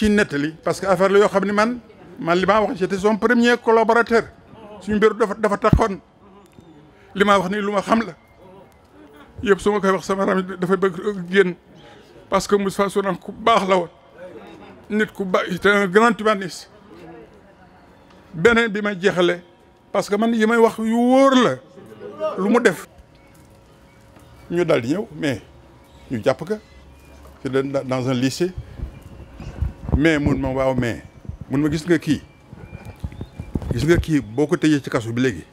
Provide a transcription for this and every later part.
ci nettali parce que affaire la yoo xam ne man man li maa wax j'étais son premier collaborateur suñu mbir dafa dafa taxoon li maa wax nii lu ma xam la yëpp su ma koy wax sama ram dafa bëgg génn parce que Moustapha Sourang ku baax la wo nit ku baax c'est un grand humaniste beneen bi may jeexale parce que man yi may wax yu wóor la lu mu def ñu daal di ñëw mais ñu jàpp ka ci dans un lycée mais mun ma waaw mais mun ma gis nga kii gis nga kii boo ko tëjee ci kasu bi léegi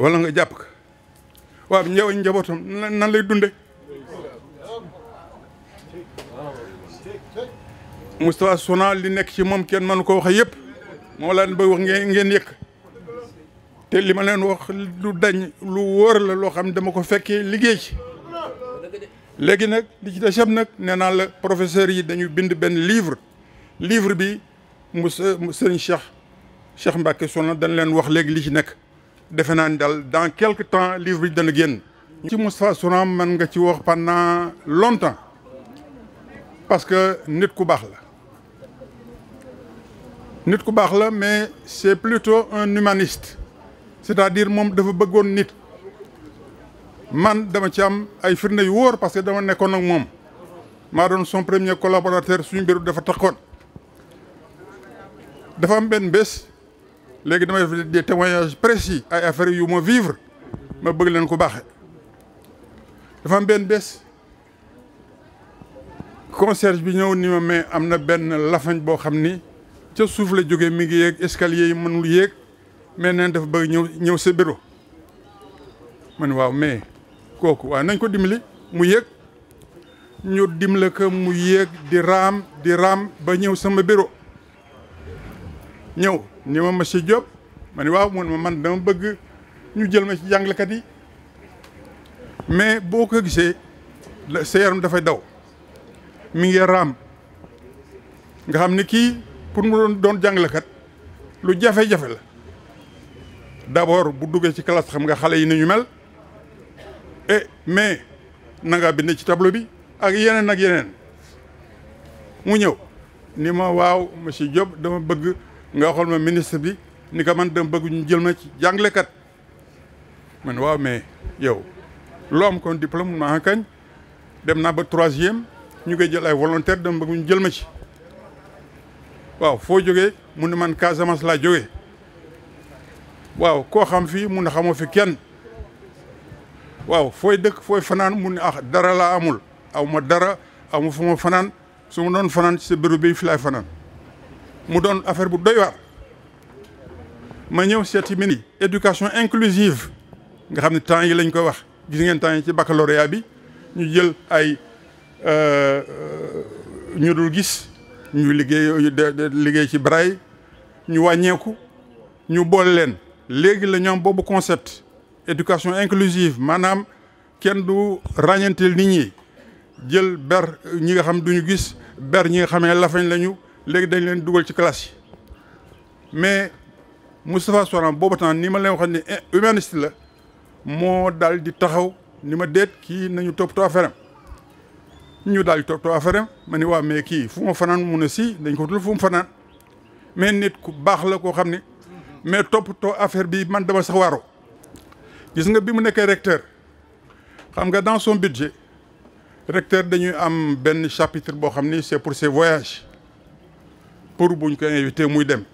wala nga jàpp ko waaw ñëw njabootam nan lay dunde Moustapha Sona li nekk ci moom kenn mënu koo wax yëpp moo laa leen bëgg ngeen ngeen yëkk te li ma leen wax lu dañ lu wóor la loo xam ne dama ko fekkee liggéey ci léegi nag li ci des nag nee naa la professeur yi dañu bind benn livre livre bi mu sëriñ Cheikh Cheikh Mbacke Soxna dañ leen wax léegi li ci nekk defe naa ni daal dans quelque temps livre bi dana génn. ci Moustapha Soxna man nga ci wax pendant longtemps parce que nit ku baax la nit ku baax la mais c'est plutôt un humaniste c'est-à-dire moom dafa bëggoon nit. man dama ci am ay firnde yu wóor parce que dama nekkoon ak moom maa doon son premier collaborateur suñu mbiru dafa takkoon dafa am benn bés léegi damay def des témoignages précis ay affaires yu ma vivre ma bëgg leen ko baaxe dafa am benn bés concierge bi ñëw ni ma mais am na benn lafañ boo xam ni ca suuf la jóge mi ngi yéeg escalier yi mënul yéeg mais neen dafa bëgg ñëw ñëw sa bureau man waaw mais kooku waaw nañ ko dimbali mu yéeg ñu dimbali ko mu yéeg di raam di raam ba ñëw sama bureau ñëw ni ma monsieur Diop ma ne waaw mun ma man dama bëgg ñu jël ma ci jàngalekat yi mais boo ko gisee sa yaram dafay daw mi ngi raam nga xam ni kii pour mu doon doon jàngalekat lu jafe-jafe la d'abord bu duggee ci classe xam nga xale yi ni mel. et eh, mais na ngaa ci tableau bi ak yeneen ak yeneen mu ñëw ni ma waaw monsieur Diop dama bëgg nga xool ma ministre bi ni ko man dama bëgg ñu jël ma ci jàngalekat man waaw mais yow loo am kon diplôme ma en dem naa ba troisième ñu koy jël ay volontaire dama bëgg ñu jël ma ci waaw foo jógee mun ne man Casamance laa jóge waaw koo xam fii mun na xamoo fi kenn waaw fooy dëkk fooy fanaan mun ni ah dara laa amul aw ma dara aw ma fu ma fanaan su ma doon fanaan si sa bureau bi fi fanaan mu doon affaire bu doy waar ma ñëw seeti mini éducation inclusive nga xam ne temps yi lañ koy wax gis ngeen temps yi ci baccalauréat bi ñu jël ay euh, euh, ñu dul gis ñu liggéey liggéey ci braille ñu wàññeeku ñu boole leen léegi la ñoom boobu concept éducation inclusive maanaam kenn du ràññanteel nit ñi jël ber ñi nga xam duñu gis ber ñi nga xamee lafañ lañu léegi dañ leen dugal ci classe yi mais Moustapha Soran boobu temps ni ma leen waxoon ne humaniste la moo dal di taxaw ni ma déet kii nañu toppatoo affaire am ñu daal di toppatoo affaire am ma ni waa mais kii fu ma fanaan mun a si dañ ko tul fu mu fanaan mais nit ku baax la koo xam ni mais toppatoo affaire bii man dama sax waaroo gis nga bi mu nekkee recteur xam nga dans son budget recteur dañuy am benn chapitre boo xam ni c'est pour ses voyages pour buñ ko invité muy dem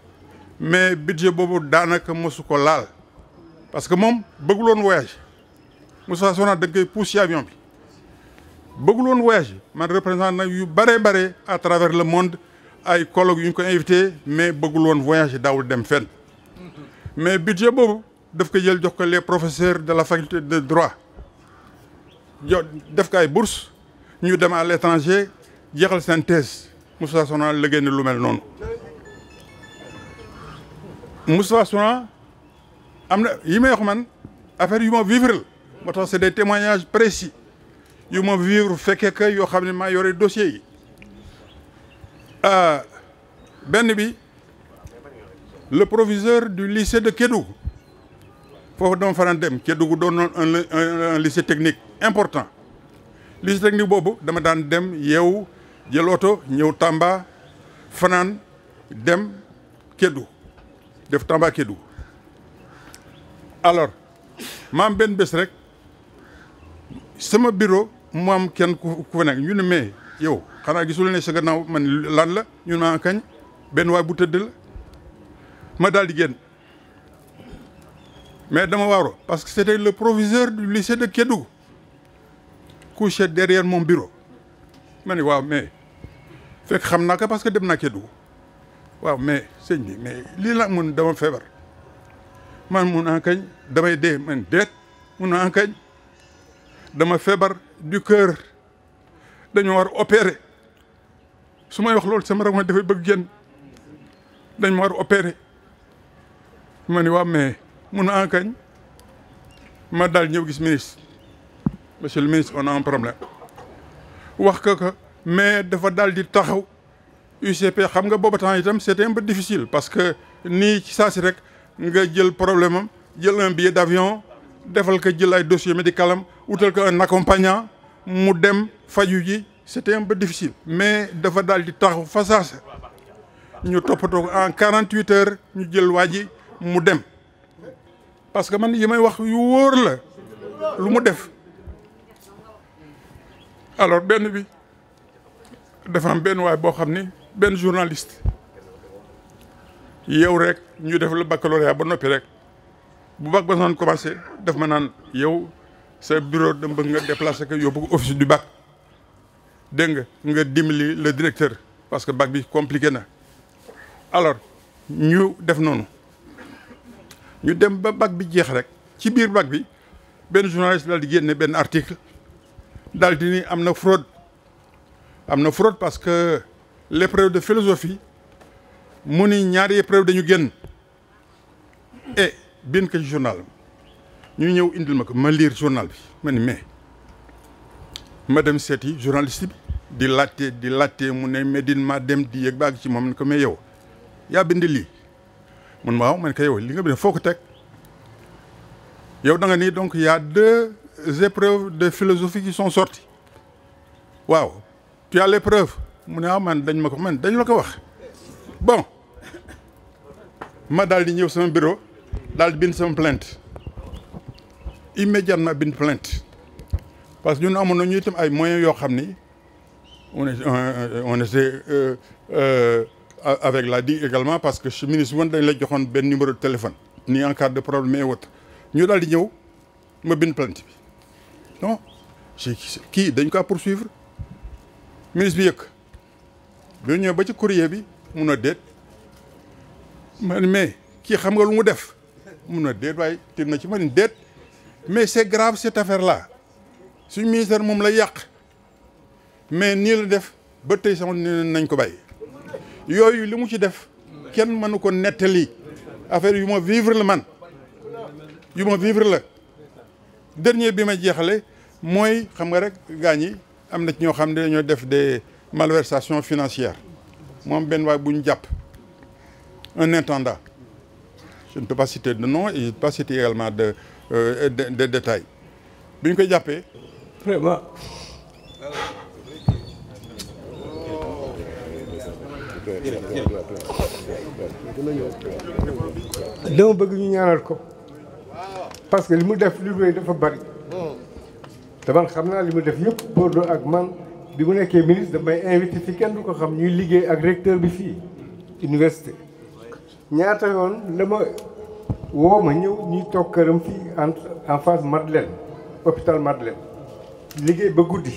mais budget boobu daanaka mosu ko laal parce que moom bëgguloon voyage Moussa Sonna da nga koy pousse avion bi bëgguloon voyage man représentant na yu bare bare à travers le monde ay colloques yu ñu ko invité mais bëgguloon voyage daawul dem fenn mais budget boobu daf ko jël jox ko les professeurs de la faculté de droit jo def ko ay bourse ñu dem à l'étranger jeexal seen thèse Moustapha Sourang liggéey lu mel noonu Moustapha am na yi ma wax man affaire yu ma vivre la moo tax c'est des témoignages précis yu ma vivre fekkee que yoo xam ne maa yore dossier yi euh, benn bi le proviseur du lycée de Kédougou foofu dama fanaan dem Kédougou doon noon un lycée technique important lycée technique boobu dama daan dem yeewu jël oto ñëw Tamba fanaan dem Kédougou def Tamba Kédougou alors maam benn bés rek sama bureau mu am kenn ku fa nekk ñu ne mais yow xanaa gisul ne sa gannaaw man lan la ñu ne kañ benn waay bu tëdd la ma daal di génn mais dama waaru parce que c'était le proviseur du lycée de Kédougou couché derrière mon bureau ma ne waaw mais fekk xam naa ko parce que dem naa Kédougou waaw mais sëñ bi mais lii laa mun dama feebar man mun naa kañ damay dee man deet mun naa kañ dama feebar du cœur dañu war opérer su may wax loolu sama rak ma dafay bëgg génn dañ ma war opérer ma ne waaw mais mun na ah enkañ ma daal ñëw gis ministre monsieur le ministre on a un problème wax ko ko mais dafa daal di taxaw UCP xam nga booba temps itam c'était un peu difficile parce que nii ci saa si rek nga jël problème am jël un billet d'avion defal ko jël ay dossier médical am wutal ko un accompagnant mu dem faju ji c'était ba peu difficile mais dafa dal di taxaw fa saase ñu toppatoo ko en quarante-huit ñu jël waa ji mu dem parce que man yi may wax yu wóor la lu mu def alors benn bi dafa am benn waay boo xam ni benn journaliste yow rek ñu def la baccalauréat ba noppi rek bu bac ba naan commencé daf ma naan yow sa bureau dama bëgg nga déplacé ko yóbbu ko office du bac dégg nga nga dimbali le directeur parce que bac bi compliqué na alors ñu def noonu ñu dem ba bac bi jeex rek ci biir bag bi benn journaliste daal di génne benn article daal di ni am na fraude am na fraude parce que l'épreuve de philosophie mu ni ñaari épreuve dañu génn e bind ko ci journal ñu ñëw indil ma ko ma lire journal bi ma ni mais ma dem seeti journaliste bi di laajte di laajte mu ne Medine ma dem di yëg baag ci moom ne ko mais yow yaa bind lii mun waaw man kay yow li nga bind foo ko teg yow da nii donc il y a deux épreuves de philosophie qui sont sorties waaw tu as l'épreuve mu ne ah man dañ ma ko man dañ la ko wax bon ma daal di ñëw sama bureau daal di bind sama plainte immédiatement bind plainte parce que ñun amoon na ñu itam ay moyens yoo xam ni on est euh, euh, euh, avec la DIC également parce que ministre woon dañ la joxoon benn numéro de téléphone ni en card de problème et autres ñu daal di ñëw ma bind plainte bi non kii dañ ko poursuivre ministre bi yëkk bi ñëw ba ci courrier bi mun a déet man mais kii xam nga lu mu def mun a déet waaye tir na ci man déet mais c'est grave cette affaire là suñ ministère moom la yàq mais nii la def ba tey sax nee nañ ko bàyyi. yooyu li mu ci def kenn mënu ko nettali affaire yu ma vivre la man yu ma vivre la dernier bi ma jeexale mooy xam nga rek gaañ yi am na ci ñoo xam ne dañoo def des malversations financières moom benn waay bu ñu jàpp un intendant je ne peux de non et je ne peux pas citer également de euh, de de ñu koy jàppee dama bëgg ñu ñaanal ko parce que li mu def li doy dafa bari te man xam naa li mu def yëpp Bordeaux ak man bi mu nekkee ministre damay invité fi kenn du ko xam ñuy liggéey ak recteur bi fii université ñaata yoon la woo ma ñëw ñuy toog këram fii en en face Madeleine hôpital Madeleine liggéey ba guddi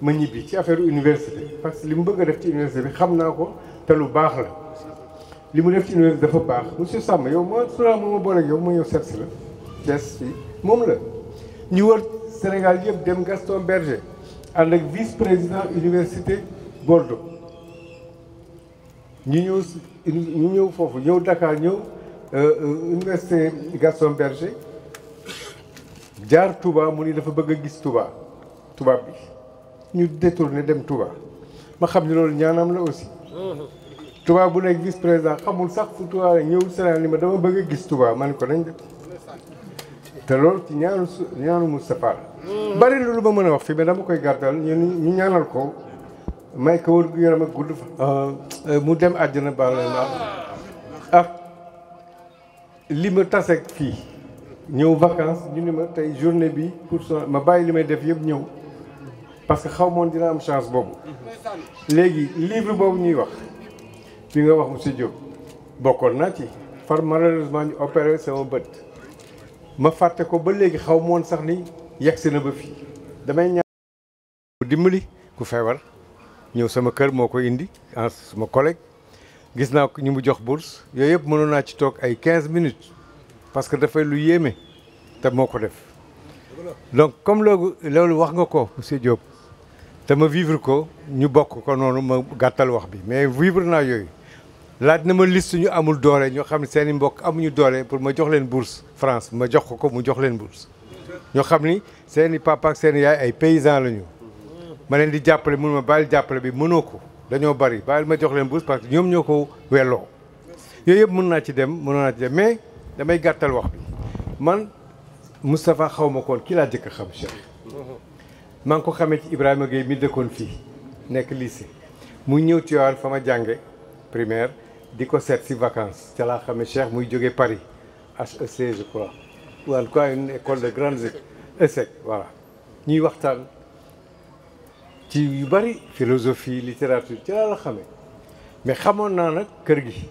ma ñibbi ci affaire université parce que li mu bëgg a def ci université bi xam naa ko te lu baax la li mu def ci université dafa baax monsieur Samb yow ma sura moo ma yow ma ñëw seet si la Thiès fii moom la ñu wër Sénégal yëpp dem Gaston Berger ànd ak vice président université Bordeaux ñu ñëw ñu ñëw foofu ñëw Dakar ñëw euh, euh, université Gaston Berger jaar Touba mu ni dafa bëgg a gis Touba Touba bi ñu détourné dem Touba ma xam ni loolu ñaanam la aussi tubaa bu nekk vice président xamul sax fu Touba la ñëw Sénégal li ma dama bëgg a gis Touba man ko nañ def te loolu ci ñaanu su bari na lu ma mën a wax fii mais dama koy gàttal ñu ñu ñaanal ko may ko wër gu yaram gudd fa euh, mu dem àjjana baal na ma ak ah, li ma taseeg fii ñëw vacances ñu ni ma tey journée bi pour ma bàyyi li may def yëpp ñëw parce que xaw moon dina am chance boobu léegi livre boobu ñuy wax bi nga wax monsieur Diop bokkoon naa ci far malheureusement ñu opéré sama bët ma fàtte ko ba léegi xaw moon sax ni yegsi na ba fii damay ñaan dimbali ku feebar ñëw sama kër moo ko indi en ah, sama collègue gis naa ko ñu mu jox bourse yooyu yëpp mënoon naa ci toog ay quinze minutes parce que dafay lu yéeme te moo ko def donc comme loolu loolu wax nga ko monsieur Diop te ma vivre ko ñu bokk ko noonu ma gàttal wax bi mais vivre naa yooyu laaj na ma liste suñu amul doole ñoo xam ne seen i mbokk amuñu doole pour ma jox leen bourse France ma jox ko ko mu jox leen bourse ñoo xam ni seeni i papa ak seen yaay ay paysan lañu ma leen di jàppale mun ma bàyyil jàppale bi mënoo ko dañoo bari bàyyil ma jox leen bourse parce que ñoom ñoo ko weloo yooyu yëpp mën naa ci dem mën naa ci dem mais damay gàttal wax bi man Moustapha xaw ma koon kii laa maa ngi ko xamee ci Ibrahima Gueye mi dëkkoon fii nekk lycée muy ñëw Tivaouane fa ma jànge primaire di ko seet si vacance ca laa xamee Cheikh muy jóge Paris HEC je crois ou de grandes ESSEC voilà ñuy waxtaan ci yu bari philosophie littérature ci laa la xamee mais xamoon naa nag kër gi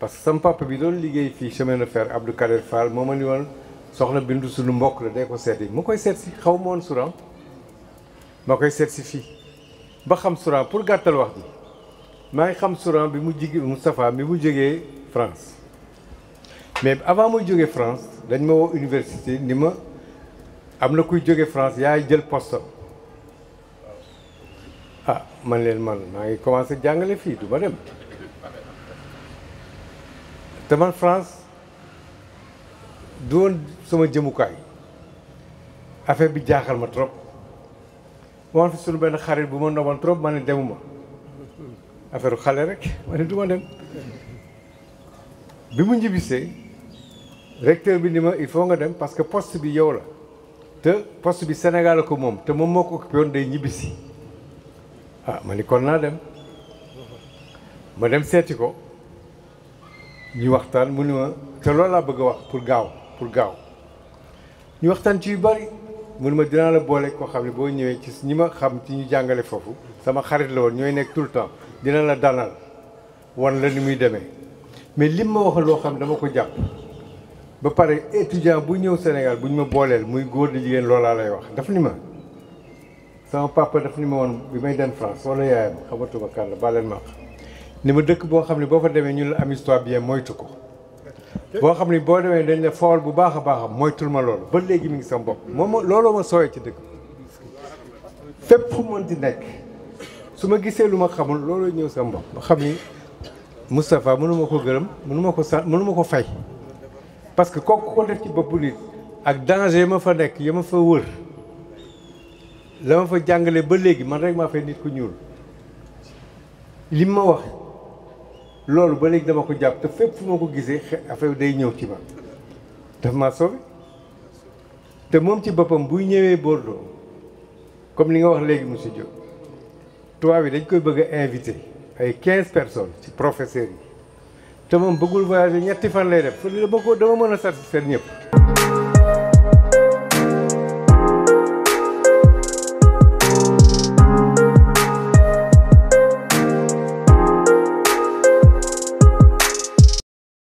parce que sama papa bi doon liggéey fii chemin de fer Abdou Kader Fall moo ma ni woon soxna bindu sunu mbokk la de ko seet yi mu koy seet si xaw ma woon ma koy certifié ba xam Souran pour gàttal wax bi maa ngi xam Souran bi mu jigi Moustapha bi mu jógee France mais avant mooy jógee France dañ ma woo université ni ma am na kuy jóge France yaay jël poste ah man leen man maa ngi commencé jàngale fii du ma dem te man France du woon sama jëmukaay affaire bi jaaxal ma trop bu ma fi suñu benn xarit bu ma noboon trop ma ne demuma affaire xale rek ma ne du ma dem bi mu njibisee recteur bi ni ma il faut nga dem parce que poste bi yow la te post bi Sénégal la ko moom te moom moo ko occupé woon day ñibbisi ah ma ni kon naa dem ma dem seeti ko ñu waxtaan mu ni ma te loolu laa bëgg a wax pour gaaw pour gaaw ñu waxtaan ci yu bari mun ma dinaa la boole koo xam ne boo ñëwee ci ñi ma xam ci ñu jàngale foofu sama xarit la woon ñooy nekk tout le temps dina la dalal wan la ni muy demee mais lim ma wax loo xam dama ko jàpp ba pare étudiant buy ñëw Sénégal bu ñu ma booleel muy góor di jigéen loolaa lay wax daf ni ma sama papa daf ni ma woon bi may dem France wala yaayam xamatuma kan la baaleen ma ni ma dëkk boo xam ne boo ko demee ñun la am histoire bien moytu ko boo xam ne boo demee dañ ne fool bu baax a baax mooy tul ma loolu ba léegi mu ngi sama bopp moom looloo ma sooyee ci dëkk fépp fu mën di nekk su ma gisee lu ma xamul looloo ñëw sa bopp ma xam ni Moustapha mënuma ko gërëm mënuma ko sant mënuma ko fay parce que kooku ko def ci bopp nit ak danger ma fa nekk ya ma fa wër la ma fa jàngale ba léegi man rek maa fay nit ku ñuul li ma wax loolu ba léegi dama ko jàpp te fépp fu ma ko gisee affaire day ñëw ci ma daf ma sauvé te moom ci boppam buy ñëwee Bordeaux comme li nga wax léegi monsieur Diop tubaab yi dañ koy bëgg a invité ay quinze personnes ci professeurs yi te moom bëggul voyager ñetti fan lay def dama koo dama mën a satisfaire ñëpp